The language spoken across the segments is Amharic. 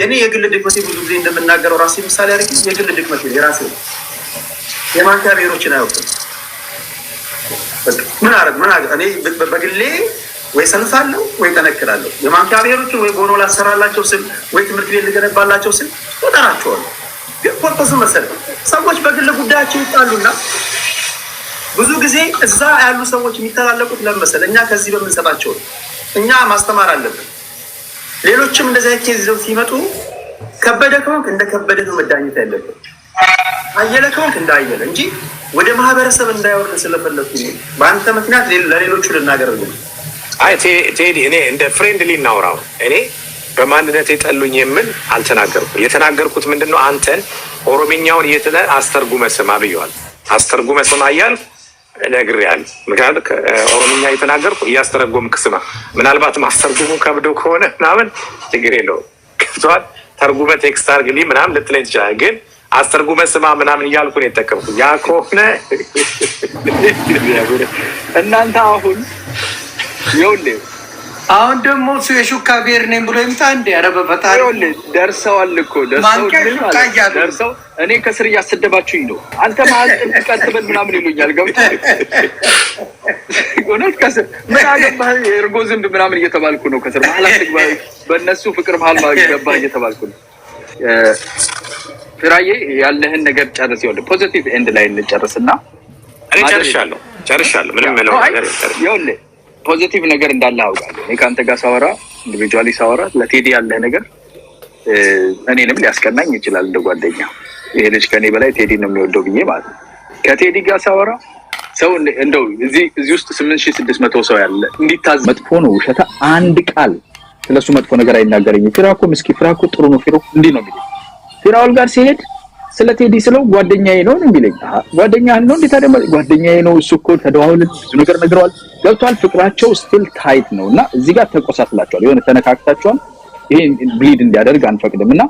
የኔ የግል ድክመቴ ብዙ ጊዜ እንደምናገረው ራሴ ምሳሌ አድርጌ የግል ድክመቴ የራሴ የማንኪያ ብሔሮችን አያውቅም። ምን አረግ ምን አረግ እኔ በግሌ ወይ ሰንፋለሁ ወይ ጠነክላለሁ። የማንኪያ ብሔሮችን ወይ ጎኖ ላሰራላቸው ስል ወይ ትምህርት ቤት ልገነባላቸው ስል እጠራቸዋለሁ። ግን ፖርቶስ መሰለ ሰዎች በግል ጉዳያቸው ይጣሉና ብዙ ጊዜ እዛ ያሉ ሰዎች የሚተላለቁት ለመሰለ እኛ ከዚህ በምንሰጣቸው እኛ ማስተማር አለብን። ሌሎችም እንደዚህ አይነት ኬዝ ይዘው ሲመጡ ከበደ ከሆንክ እንደ ከበደ ነው መዳኘት ያለበት፣ አየለ ከሆንክ እንደ አየለ እንጂ ወደ ማህበረሰብ እንዳይወርድ ስለፈለኩ በአንተ ምክንያት ለሌሎቹ ልናገር ነው። አይ ቴዲ፣ እኔ እንደ ፍሬንድሊ እናውራው። እኔ በማንነት የጠሉኝ የምን አልተናገርኩ። የተናገርኩት ምንድነው አንተን ኦሮምኛውን የትለ አስተርጉመ ስማ ብየዋል። አስተርጉመ ስማ እያልኩ እነግርሃለሁ። ምክንያቱም ኦሮምኛ የተናገርኩ እያስተረጎምክ ስማ። ምናልባት ማስተርጉሙ ከብዶ ከሆነ ምናምን ችግር የለውም ገብቶሃል። ተርጉመ ቴክስት አድርግልኝ ምናምን ልትለኝ ትችላለህ ግን አስተርጉመ ስማ ምናምን እያልኩ ነው የጠቀምኩ። ያ ከሆነ እናንተ አሁን ይኸውልህ አሁን ደግሞ እሱ የሹካ ብሔር ነኝ ብሎ ይምጣ እንዴ? ኧረ በፈጣሪ ደርሰዋል እኮ ደርሰው፣ እኔ ከስር እያሰደባችሁኝ ነው። አንተ መሀል ቀጥበን ምናምን ይሉኛል። ገብቶሃል? እውነት ከስር ምን አገባህ እርጎ ዝንብ ምናምን እየተባልኩ ነው። ከስር መሀል አትግባ፣ በእነሱ ፍቅር መሀል ገባህ እየተባልኩ ነው። ፍራዬ ያለህን ነገር ጨርስ። ይኸውልህ ፖዘቲቭ ኤንድ ላይ እንጨርስና ጨርሻለሁ፣ ጨርሻለሁ። ምንም ነው ነገር ይኸውልህ ፖዚቲቭ ነገር እንዳለ አውቃለሁ። እኔ ከአንተ ጋር ሳወራ ኢንዲቪጁዋሊ ሳወራ ለቴዲ ያለ ነገር እኔንም ሊያስቀናኝ ይችላል እንደ ጓደኛ። ይሄ ልጅ ከእኔ በላይ ቴዲ ነው የሚወደው ብዬ ማለት ነው። ከቴዲ ጋር ሳወራ ሰው እንደው እዚህ ውስጥ ስምንት ሺህ ስድስት መቶ ሰው ያለ እንዲታዝ መጥፎ ነው ውሸተ አንድ ቃል ስለሱ መጥፎ ነገር አይናገረኝም። ፊራኮ ምስኪ ፊራ ጥሩ ነው ፊሮ እንዲህ ነው የሚለው ፊራውል ጋር ሲሄድ ስለ ቴዲ ስለው ጓደኛዬ ነው የሚለኝ። ጓደኛ ነው እንዴ ታዲያ? ጓደኛዬ ነው እሱ እኮ ተደዋውለን ብዙ ነገር ነግረዋል። ገብቷል። ፍቅራቸው ስቲል ታይት ነው እና እዚህ ጋር ተቆሳስላቸዋል፣ የሆነ ተነካክታቸዋል። ይሄን ብሊድ እንዲያደርግ አንፈቅድም እና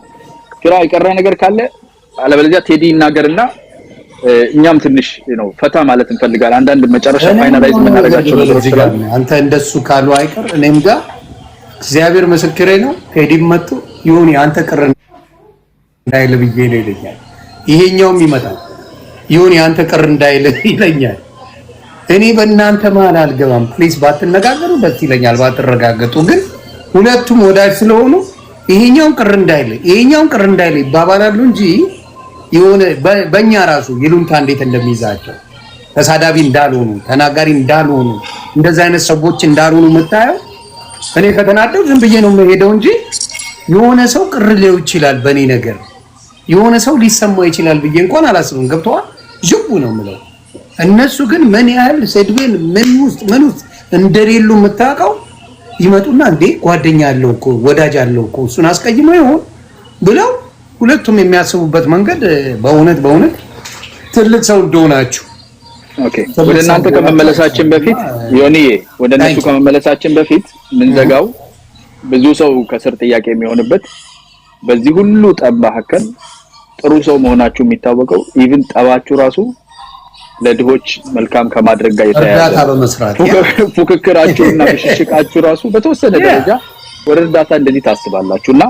ኪራ የቀረ ነገር ካለ አለበለዚያ ቴዲ ይናገርና እኛም ትንሽ ነው ፈታ ማለት እንፈልጋለን። አንዳንድ መጨረሻ ፋይናላይዝ የምናደርጋቸው ነገሮች አንተ እንደሱ ካሉ አይቀር እኔም ጋር እግዚአብሔር ምስክሬ ነው። ቴዲም መጥቶ ይሁን አንተ ቅር እንዳይል ብዬ ነው ይለኛል ይሄኛውም ይመጣል። ይሁን ያንተ ቅር እንዳይል ይለኛል። እኔ በእናንተ መሀል አልገባም። ፕሊስ ባትነጋገሩ ደስ ይለኛል፣ ባትረጋገጡ። ግን ሁለቱም ወዳጅ ስለሆኑ ይሄኛውን ቅር እንዳይል ይሄኛውን ቅር እንዳይል ይባባላሉ እንጂ የሆነ በእኛ ራሱ ይሉንታ እንዴት እንደሚይዛቸው ተሳዳቢ እንዳልሆኑ ተናጋሪ እንዳልሆኑ እንደዚህ አይነት ሰዎች እንዳልሆኑ የምታየው እኔ ከተናደው ዝም ብዬ ነው የምሄደው እንጂ የሆነ ሰው ቅር ሊው ይችላል በእኔ ነገር የሆነ ሰው ሊሰማ ይችላል ብዬ እንኳን አላስብም። ገብተዋል ጅቡ ነው የምለው። እነሱ ግን ምን ያህል ሰድቤን ምን ውስጥ ምን ውስጥ እንደሌሉ የምታውቀው ይመጡና እንዴ ጓደኛ አለው እኮ ወዳጅ አለው እኮ እሱን አስቀይሞ ይሆን ብለው ሁለቱም የሚያስቡበት መንገድ በእውነት በእውነት ትልቅ ሰው እንደሆናችሁ ወደ እናንተ ከመመለሳችን በፊት ዮኒዬ፣ ወደ እነሱ ከመመለሳችን በፊት ምንዘጋው ብዙ ሰው ከስር ጥያቄ የሚሆንበት በዚህ ሁሉ ጠብ መካከል ጥሩ ሰው መሆናችሁ የሚታወቀው ኢቭን ጠባችሁ ራሱ ለድሆች መልካም ከማድረግ ጋር የተያያዘ ፉክክራችሁ እና ብሽሽቃችሁ ራሱ በተወሰነ ደረጃ ወደ እርዳታ እንደዚህ ታስባላችሁ እና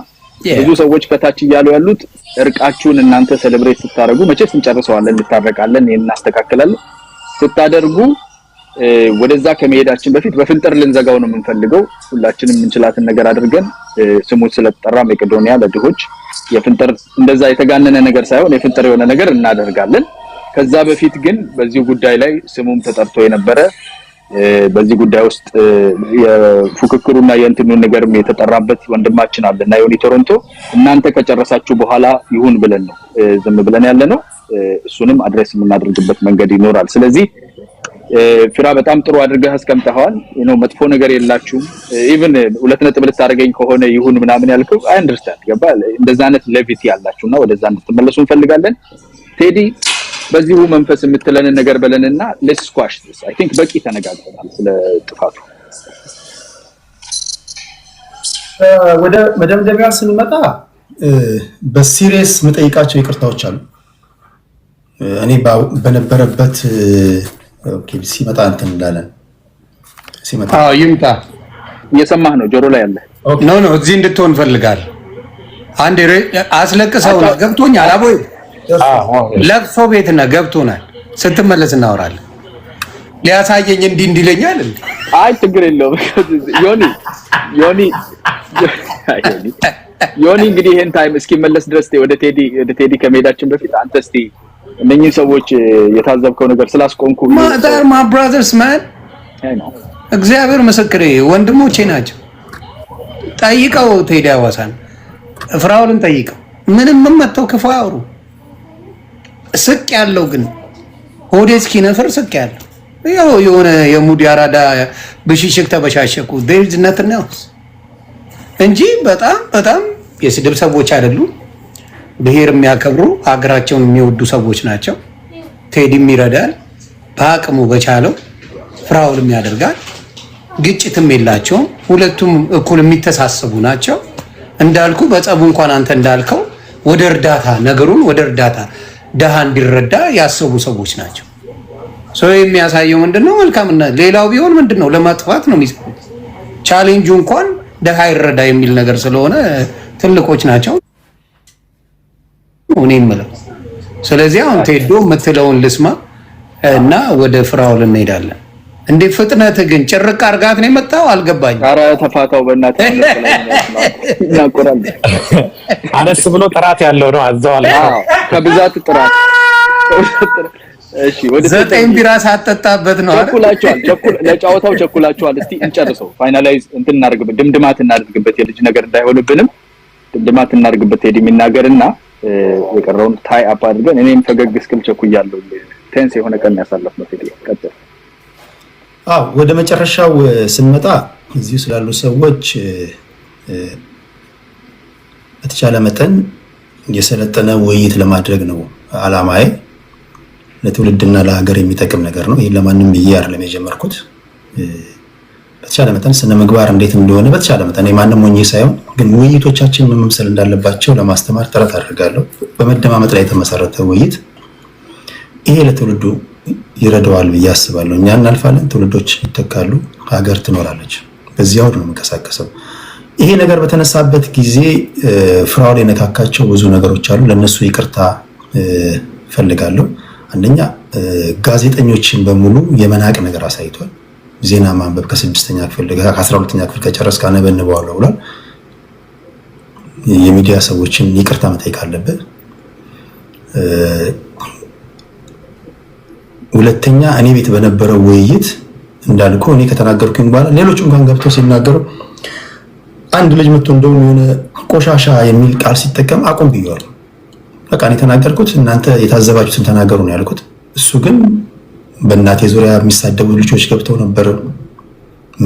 ብዙ ሰዎች ከታች እያሉ ያሉት እርቃችሁን እናንተ ሴሌብሬት ስታደርጉ መቼ ስንጨርሰዋለን፣ እንታረቃለን፣ ይሄን እናስተካክላለን ስታደርጉ ወደዛ ከመሄዳችን በፊት በፍንጥር ልንዘጋው ነው የምንፈልገው። ሁላችንም የምንችላትን ነገር አድርገን ስሙ ስለተጠራ መቄዶንያ ለድሆች የፍንጥር እንደዛ የተጋነነ ነገር ሳይሆን የፍንጥር የሆነ ነገር እናደርጋለን። ከዛ በፊት ግን በዚህ ጉዳይ ላይ ስሙም ተጠርቶ የነበረ በዚህ ጉዳይ ውስጥ የፉክክሩና የእንትኑ ነገርም የተጠራበት ወንድማችን አለ እና ዮኒ ቶሮንቶ እናንተ ከጨረሳችሁ በኋላ ይሁን ብለን ነው ዝም ብለን ያለ ነው። እሱንም አድሬስ የምናደርግበት መንገድ ይኖራል። ስለዚህ ፊራ በጣም ጥሩ አድርገህ አስቀምጠኸዋል። መጥፎ ነገር የላችሁም። ኢቭን ሁለት ነጥብ ልታደርገኝ ከሆነ ይሁን ምናምን ያልከው አይ አንደርስታንድ ገባ። እንደዛ አይነት ለቪቲ ያላችሁና ወደዛ እንድትመለሱ እንፈልጋለን። ቴዲ በዚሁ መንፈስ የምትለንን ነገር በለንና ሌትስ ስኳሽ ዲስ አይ ቲንክ በቂ ተነጋግረናል ስለ ጥፋቱ። ወደ መደምደሚያ ስንመጣ በሲሪየስ መጠይቃቸው ይቅርታዎች አሉ እኔ በነበረበት ሲመጣ እንትን እንዳለን ሲመጣ ይምጣ። እየሰማህ ነው፣ ጆሮ ላይ ያለ ኖ ኖ፣ እዚህ እንድትሆን ፈልጋል። አንድ አስለቅሰው ነው ገብቶኛል። አቦ ለቅሶ ቤት ነህ ገብቶናል። ስትመለስ እናወራለን። ሊያሳየኝ እንዲህ እንዲለኛል። አይ ችግር የለውም። ዮኒ ዮኒ ዮኒ እንግዲህ ይሄን ታይም እስኪመለስ ድረስ ወደ ቴዲ ከመሄዳችን በፊት አንተ እስኪ እነኚህ ሰዎች የታዘብከው ነገር ስላስቆንኩ ማታር ማ ብራዘርስ ማን እግዚአብሔር ምስክሬ ወንድሞቼ ናቸው። ጠይቀው ቴዲ አዋሳን ፍራውልን ጠይቀው ምንም መተው ክፉ አያወሩ። ስቅ ያለው ግን ሆዴ እስኪነፍር ስቅ ያለው ያው የሆነ የሙድ አራዳ ብሽሽቅ ተበሻሸቁ ዴዝ ነትን እንጂ በጣም በጣም የስድብ ሰዎች አይደሉም። ብሔር የሚያከብሩ ሀገራቸውን የሚወዱ ሰዎች ናቸው። ቴዲም ይረዳል፣ በአቅሙ በቻለው ፍራውልም ያደርጋል። ግጭትም የላቸውም። ሁለቱም እኩል የሚተሳሰቡ ናቸው። እንዳልኩ በጸቡ እንኳን አንተ እንዳልከው ወደ እርዳታ ነገሩን ወደ እርዳታ ድሃ እንዲረዳ ያሰቡ ሰዎች ናቸው። ሰው የሚያሳየው ምንድነው? መልካምና ሌላው ቢሆን ምንድነው ለማጥፋት ነው የሚሰሩት። ቻሌንጁ እንኳን ድሃ ይረዳ የሚል ነገር ስለሆነ ትልቆች ናቸው። እኔ የምለው ስለዚህ አሁን ቴዶ የምትለውን ልስማ እና ወደ ፍራውል እንሄዳለን። እንዴ ፍጥነት ግን ጭርቅ አርጋት ነው የመጣው። አልገባኝ። ኧረ ተፋታው በእናትህ አነስ ብሎ ጥራት ያለው ነው አዘዋል። ከብዛት ጥራት። ዘጠኝ ቢራ ሳጠጣበት ነው። ቸኩላችኋል፣ ለጨዋታው ቸኩላችኋል። እስቲ እንጨርሰው፣ ፋይናላይዝ እንትን እናደርግበት፣ ድምድማት እናደርግበት፣ የልጅ ነገር እንዳይሆንብንም ድማት እናድርግበት ቴዲ የሚናገርና የቀረውን ታይ አፕ አድርገን እኔም ፈገግ እስክል ቸኩያለሁ። ቴንስ የሆነ ቀን ያሳለፍ ነው። ቴዲ ቀጥል። አዎ ወደ መጨረሻው ስንመጣ እዚሁ ስላሉ ሰዎች በተቻለ መጠን የሰለጠነ ውይይት ለማድረግ ነው አላማዬ። ለትውልድና ለሀገር የሚጠቅም ነገር ነው። ይህ ለማንም ብዬ አይደለም የጀመርኩት። በተቻለ መጠን ስነ ምግባር እንዴት እንደሆነ በተቻለ መጠን ማንም ሞኝ ሳይሆን ግን ውይይቶቻችን ምን መምሰል እንዳለባቸው ለማስተማር ጥረት አድርጋለሁ። በመደማመጥ ላይ የተመሰረተ ውይይት ይሄ ለትውልዱ ይረዳዋል ብዬ አስባለሁ። እኛ እናልፋለን፣ ትውልዶች ይተካሉ፣ ሀገር ትኖራለች። በዚህ አውድ ነው የምንቀሳቀሰው። ይሄ ነገር በተነሳበት ጊዜ ላይ የነካካቸው ብዙ ነገሮች አሉ። ለእነሱ ይቅርታ ፈልጋለሁ። አንደኛ ጋዜጠኞችን በሙሉ የመናቅ ነገር አሳይቷል። ዜና ማንበብ ከስድስተኛ ክፍል ከአስራ ሁለተኛ ክፍል ከጨረስክ አነበንበዋለሁ ብሏል። የሚዲያ ሰዎችን ይቅርታ መጠየቅ አለበት ሁለተኛ እኔ ቤት በነበረው ውይይት እንዳልኩ እኔ ከተናገርኩኝ በኋላ ሌሎች እንኳን ገብተው ሲናገሩ አንድ ልጅ መቶ እንደውም የሆነ ቆሻሻ የሚል ቃል ሲጠቀም አቁም ብያለሁ። በቃ እኔ የተናገርኩት እናንተ የታዘባችሁትን ተናገሩ ነው ያልኩት። እሱ ግን በእናቴ ዙሪያ የሚሳደቡ ልጆች ገብተው ነበር።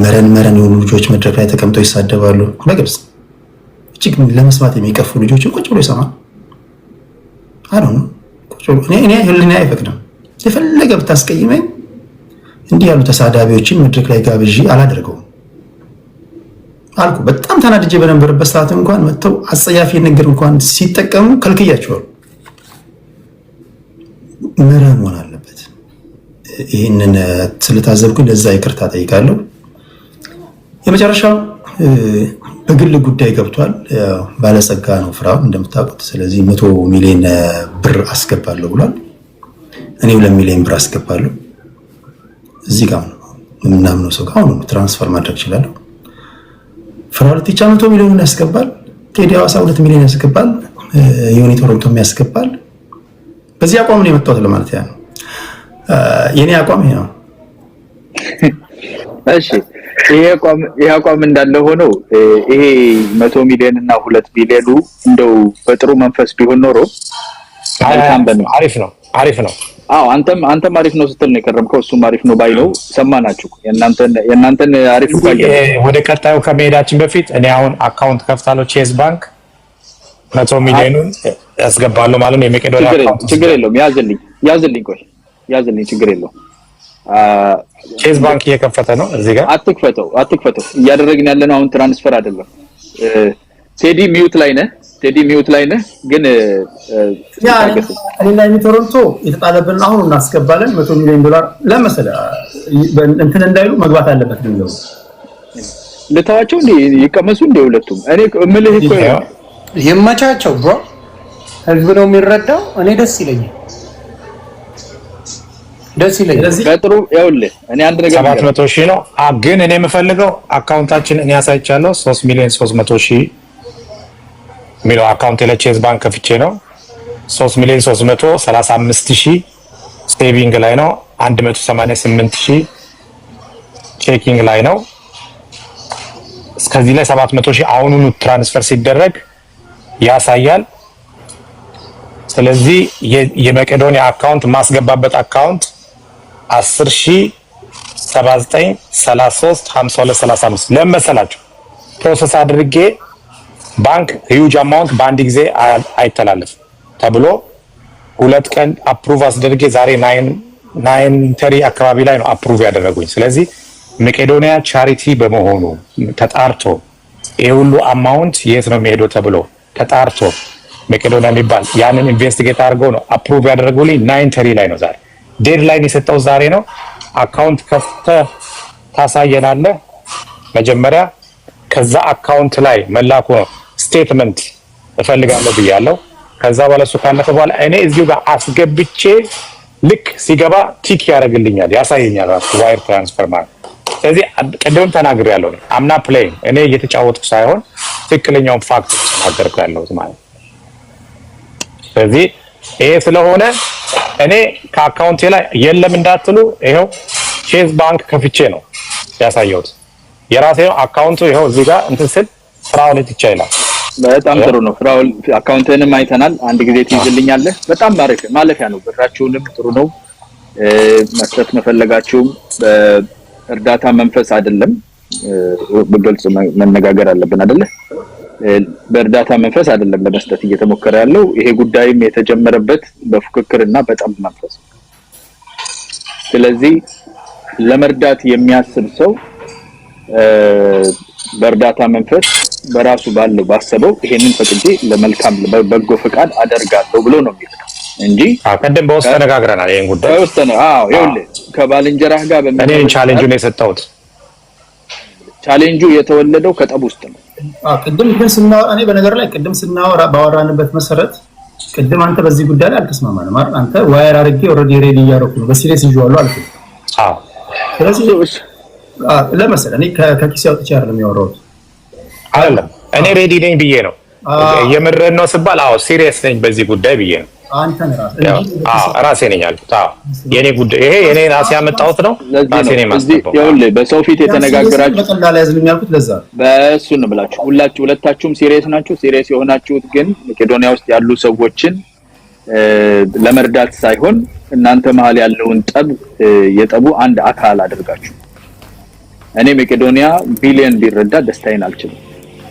መረን መረን የሆኑ ልጆች መድረክ ላይ ተቀምጠው ይሳደባሉ በግልጽ እጅግ ለመስማት የሚቀፉ ልጆችን ቁጭ ብሎ ይሰማል። አሁ እኔ ህልና አይፈቅድም። የፈለገ ብታስቀይመኝ እንዲህ ያሉ ተሳዳቢዎችን መድረክ ላይ ጋብዥ አላደርገውም አልኩ። በጣም ተናድጄ በነበረበት ሰዓት እንኳን መጥተው አጸያፊ ንግግር እንኳን ሲጠቀሙ ከልክያቸዋል። ምህረት መሆን አለበት። ይህንን ስለታዘብኩኝ ለዛ ይቅርታ ጠይቃለሁ። የመጨረሻው በግል ጉዳይ ገብቷል። ባለጸጋ ነው ፍራም እንደምታውቁት። ስለዚህ መቶ ሚሊዮን ብር አስገባለሁ ብሏል። እኔ ሁለት ሚሊዮን ብር አስገባለሁ። እዚህ ጋር ነው የምናምነው ሰው ጋር ትራንስፈር ማድረግ ይችላለሁ። ፍራኦል ቲቻ መቶ ሚሊዮን ያስገባል። ቴዲ ሐዋሳ ሁለት ሚሊዮን ያስገባል። የሆነ ቶሮንቶም ያስገባል። በዚህ አቋም ነው የመጣሁት ለማለት ያ ነው የእኔ አቋም ነው። እሺ ይህ አቋም እንዳለ ሆኖ ይሄ መቶ ሚሊዮን እና ሁለት ቢሊዮኑ እንደው በጥሩ መንፈስ ቢሆን ኖሮ አሪፍ ነው አሪፍ ነው። አዎ አንተም አንተም አሪፍ ነው ስትል ነው የከረምከው፣ እሱም አሪፍ ነው ባይ ነው። ሰማናችሁ። የእናንተን የእናንተን አሪፍ ወደ ቀጣዩ ከመሄዳችን በፊት እኔ አሁን አካውንት ከፍታለሁ ቼዝ ባንክ መቶ ሚሊዮኑን ያስገባሉ ማለት ነው። የመቄዶኒያ ችግር የለውም። ያዝልኝ ያዝልኝ፣ ቆይ ያዝልኝ፣ ችግር የለውም። ኬዝ ባንክ እየከፈተ ነው። እዚህ ጋር አትክፈተው፣ አትክፈተው። እያደረግን ያለ ነው አሁን ትራንስፈር አይደለም። ቴዲ ሚዩት ላይ ነህ፣ ቴዲ ሚዩት ላይ ነህ። ግን እኔና የሚቶሮንቶ የተጣለብን አሁን እናስገባለን። መቶ ሚሊዮን ዶላር ለመሰለ እንትን እንዳይሉ መግባት አለበት ነው ልታዋቸው እንዴ? ይቀመሱ እንዴ? ሁለቱም እኔ ምልህ እኮ ይመቻቸው። ብሮ ህዝብ ነው የሚረዳው። እኔ ደስ ይለኛል። ደስ ይለኛል። በጥሩ ይኸውልህ፣ እኔ አንድ ነገር ሰባት መቶ ሺህ ነው ግን እኔ የምፈልገው አካውንታችን እኔ ያሳይቻለሁ ሶስት ሚሊዮን ሶስት መቶ ሺህ የሚለው አካውንት የለቼዝ ባንክ ከፍቼ ነው ሶስት ሚሊዮን ሶስት መቶ ሰላሳ አምስት ሺህ ሴቪንግ ላይ ነው አንድ መቶ ሰማንያ ስምንት ሺህ ቼኪንግ ላይ ነው። እስከዚህ ላይ ሰባት መቶ ሺህ አሁኑኑ ትራንስፈር ሲደረግ ያሳያል። ስለዚህ የመቄዶንያ አካውንት ማስገባበት አካውንት 10 ሺህ 79 ፕሮሰስ አድርጌ ባንክ ሂዩጅ አማውንት በአንድ ጊዜ አይተላለፍም ተብሎ ሁለት ቀን አፕሩቭ አስደርጌ ዛሬ ናይን ተሪ አካባቢ ላይ ነው አፕሩቭ ያደረጉኝ። ስለዚህ መቄዶንያ ቻሪቲ በመሆኑ ተጣርቶ ይህ ሁሉ አማውንት የት ነው የሚሄደው ተብሎ ተጣርቶ መቄዶንያ የሚባል ያንን ኢንቨስቲጌት አድርገው ነው አፕሩቭ ያደረጉልኝ። ናይን ተሪ ላይ ነው ዛሬ ዴድላይን የሰጠው ዛሬ ነው። አካውንት ከፍተህ ታሳየናለህ። መጀመሪያ ከዛ አካውንት ላይ መላኩ ነው ስቴትመንት እፈልጋለሁ ብያለሁ። ከዛ በኋላ እሱ ካለፈ በኋላ እኔ እዚሁ ጋር አስገብቼ ልክ ሲገባ ቲክ ያደርግልኛል፣ ያሳየኛል ራሱ ዋይር ትራንስፈር ማለት። ስለዚህ ቅድምም ተናግሬ ያለው አምና ፕሌይ እኔ እየተጫወትኩ ሳይሆን ትክክለኛውን ፋክት ተናገርኩ ያለሁት ማለት ስለዚህ ይሄ ስለሆነ እኔ ከአካውንቴ ላይ የለም እንዳትሉ፣ ይኸው ቼዝ ባንክ ከፍቼ ነው ያሳየሁት። የራሴ አካውንቱ ይኸው እዚህ ጋር እንትን ስል ፍራኦል ይቻላል። በጣም ጥሩ ነው። ፍራኦል አካውንትንም አይተናል። አንድ ጊዜ ትይዝልኛለህ። በጣም ማረፍ ማለፊያ ነው። ብራችሁንም ጥሩ ነው መስጠት መፈለጋችሁም በእርዳታ መንፈስ አይደለም። በግልጽ መነጋገር አለብን አይደለ? በእርዳታ መንፈስ አይደለም ለመስጠት እየተሞከረ ያለው። ይሄ ጉዳይም የተጀመረበት እና በጠብ መንፈስ ስለዚህ ለመርዳት የሚያስብ ሰው በእርዳታ መንፈስ በራሱ ባለው ባሰበው ይሄንን ፈቅጄ ለመልካም በጎ ፍቃድ አደርጋለሁ ብሎ ነው የሚል እንጂ ቅድም በውስጥ ተነጋግረናል። ይህን ጉዳይ ውስጥ ነው። ይኸውልህ ከባልንጀራህ ጋር በእኔ ቻሌንጁን የሰጠሁት ቻሌንጁ የተወለደው ከጠብ ውስጥ ነው። ቅድም ግን ስና እኔ በነገር ላይ ቅድም ስናወራ ባወራንበት መሰረት ቅድም አንተ በዚህ ጉዳይ ላይ አልተስማማንም። አንተ ዋየር አድርጌ ኦልሬዲ ሬዲ እያደረኩ ነው በሲሪየስ ይዤዋለሁ አልኩህ። ስለዚህ ለመሰለህ እኔ ከኪሴ አውጥቼ አይደለም ያወራሁት አይደለም እኔ ሬዲ ነኝ ብዬ ነው የምረን ነው ስባል፣ አዎ ሲሪየስ ነኝ በዚህ ጉዳይ ብዬ ነው አንተን ራሴ ነኝ የኔ ጉዳይ ይሄ የኔ ራሴ ያመጣሁት ነው። ራሴ ነኝ ማስጠበቅ በሰው ፊት የተነጋገራችሁ ብላችሁ ሁላችሁ ሁለታችሁም ሲሪየስ ናችሁ። ሲሪየስ የሆናችሁት ግን መቄዶኒያ ውስጥ ያሉ ሰዎችን ለመርዳት ሳይሆን እናንተ መሀል ያለውን ጠብ የጠቡ አንድ አካል አድርጋችሁ እኔ መቄዶንያ ቢሊየን ቢረዳ ደስታዬን አልችልም።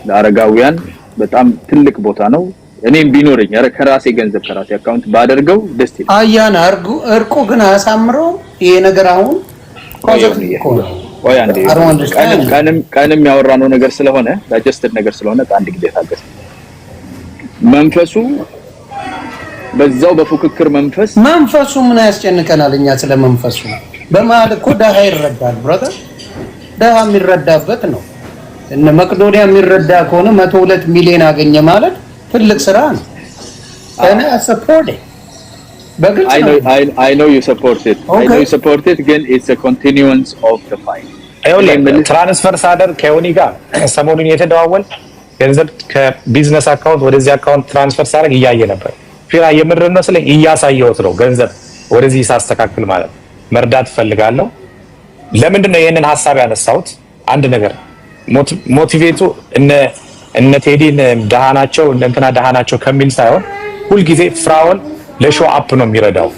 ለአረጋውያን በጣም ትልቅ ቦታ ነው። እኔም ቢኖረኝ ኧረ ከራሴ ገንዘብ ከራሴ አካውንት ባደርገው ደስ ይላል። አያን አርጉ እርቁ ግን አያሳምረው ይሄ ነገር አሁን ቀንም ቀንም ያወራነው ነገር ስለሆነ ዳጀስትድ ነገር ስለሆነ አንድ ጊዜ ታገስ። መንፈሱ በዛው በፉክክር መንፈስ መንፈሱ ምን ያስጨንቀናል? እኛ ስለ መንፈሱ በመሀል እኮ ደሃ ይረዳል። ብራዘር ደሃ የሚረዳበት ነው። እነ መቅዶኒያ የሚረዳ ከሆነ መቶ ሁለት ሚሊዮን አገኘ ማለት ትልቅ ስራ ነው። ሰፖርት ትራንስፈር ሳደር ከዮኒ ጋር ሰሞኑን የተደዋወል ገንዘብ ከቢዝነስ አካውንት ወደዚህ አካውንት ትራንስፈር ሳደርግ እያየ ነበር። ፊራ የምድር መስለኝ እያሳየሁት ነው። ገንዘብ ወደዚህ ሳስተካክል ማለት መርዳት እፈልጋለሁ። ለምንድን ነው ይህንን ሀሳብ ያነሳሁት? አንድ ነገር ሞቲቬቱ እነ እነ ቴዲን ደሃ ናቸው እነ እንትና ደሃ ናቸው ከሚል ሳይሆን ሁልጊዜ ፍራውን ለሾ አፕ ነው የሚረዳው።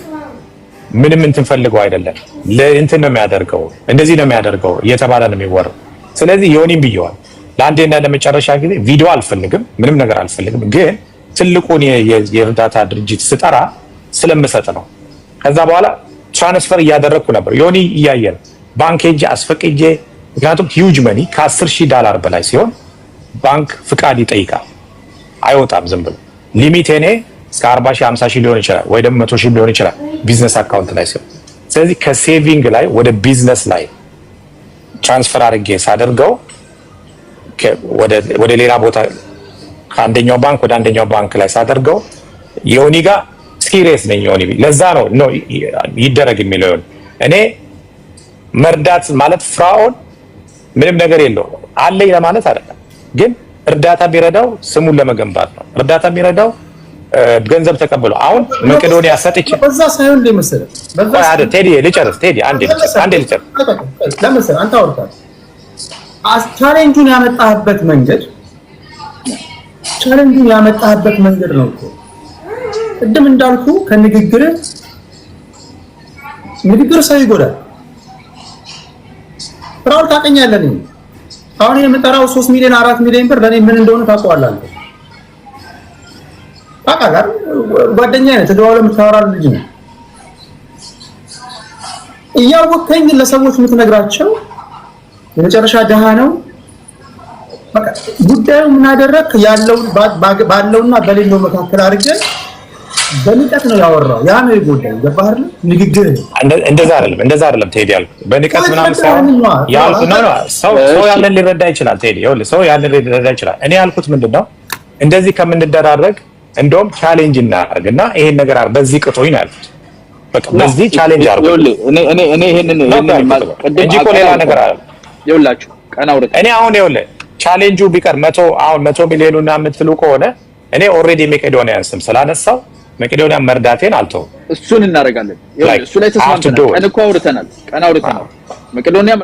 ምንም እንትን ፈልገው አይደለም፣ ለእንትን ነው የሚያደርገው፣ እንደዚህ ነው የሚያደርገው እየተባለ ነው የሚወራው። ስለዚህ ዮኒም ብየዋል፣ ለአንዴና ለመጨረሻ ጊዜ ቪዲዮ አልፈልግም፣ ምንም ነገር አልፈልግም። ግን ትልቁን የእርዳታ ድርጅት ስጠራ ስለምሰጥ ነው። ከዛ በኋላ ትራንስፈር እያደረግኩ ነበር። ዮኒ እያየ ነው ባንክ ሄጄ አስፈቅጄ፣ ምክንያቱም ሂውጅ መኒ ከ10 ሺህ ዳላር በላይ ሲሆን ባንክ ፍቃድ ይጠይቃል። አይወጣም ዝም ብሎ ሊሚት ኔ እስከ 40 ሺህ 50 ሺህ ሊሆን ይችላል፣ ወይ ደግሞ 100 ሺህ ሊሆን ይችላል ቢዝነስ አካውንት ላይ ሲሆን፣ ስለዚህ ከሴቪንግ ላይ ወደ ቢዝነስ ላይ ትራንስፈር አድርጌ ሳደርገው ወደ ሌላ ቦታ ከአንደኛው ባንክ ወደ አንደኛው ባንክ ላይ ሳደርገው የሆኒ ጋ ሲሪየስ ነኝ። የሆኒ ለዛ ነው ይደረግ የሚለው የሆኒ እኔ መርዳት ማለት ፍራኦን ምንም ነገር የለው አለኝ ለማለት አይደለም። ግን እርዳታ የሚረዳው ስሙን ለመገንባት ነው። እርዳታ የሚረዳው ገንዘብ ተቀብሎ አሁን መቄዶኒያ ሰጥቼ በዛ ሳይሆን እንደ መሰለህ ቴዲ ልጨርስ፣ ቴዲ አንዴ ልጨርስ። አንዴ ልጨርስ። ለምሳሌ አንተ አውርታለህ። ቻሌንጁን ያመጣህበት መንገድ ቻሌንጁን ያመጣህበት መንገድ ነው እኮ ቅድም እንዳልኩ ከንግግር ንግግር ሰው ይጎዳል። ስራውን ታቀኛለህ። አሁን የምጠራው ሶስት ሚሊዮን አራት ሚሊዮን ብር ለእኔ ምን እንደሆነ ታውቀዋለህ አንተ ታውቃለህ ጓደኛዬ ነህ ተደዋውለህ የምታወራው ልጅ ነው እያወቀኝ ለሰዎች የምትነግራቸው የመጨረሻ ድሃ ነው ጉዳዩ ምን አደረግክ ያለውን ባለውና በሌለው መካከል አድርገን በንቀት ነው ያወራው። ያ ነው የጎዳኝ። ገባህ አይደል? ንግግር እንደዛ አይደለም፣ እንደዛ አይደለም ቴዲ ያልኩት በንቀት ምናምን ሳይሆን ያልኩት ነው። ነው ሰው ሰው ያለን ሊረዳ ይችላል። ቴዲ ይኸውልህ፣ ሰው ያለን ሊረዳ ይችላል። እኔ ያልኩት ምንድን ነው እንደዚህ ከምንደራረግ እንደውም ቻሌንጅ እናደርግ እና ይሄን ነገር አይደል በዚህ ቅጡኝ ነው ያልኩት። በቃ በዚህ ቻሌንጅ አድርጉ። እኔ እኔ እኔ ይሄንን እንጂ እኮ ሌላ ነገር አለ። ይኸውላችሁ ቀና ውረድ። እኔ አሁን ይኸውልህ ቻሌንጁ ቢቀር መቶ አሁን መቶ ሚሊዮኑና የምትሉ ከሆነ እኔ ኦልሬዲ ሜቄዶኒያን ስም ስላነሳው መቄዶኒያን መርዳቴን አልተውም። እሱን እናደርጋለን። እሱ ላይ ተስማምተናል። ቀን እኮ አውርተናል። ቀን አውርተናል። ah. መቄዶኒያ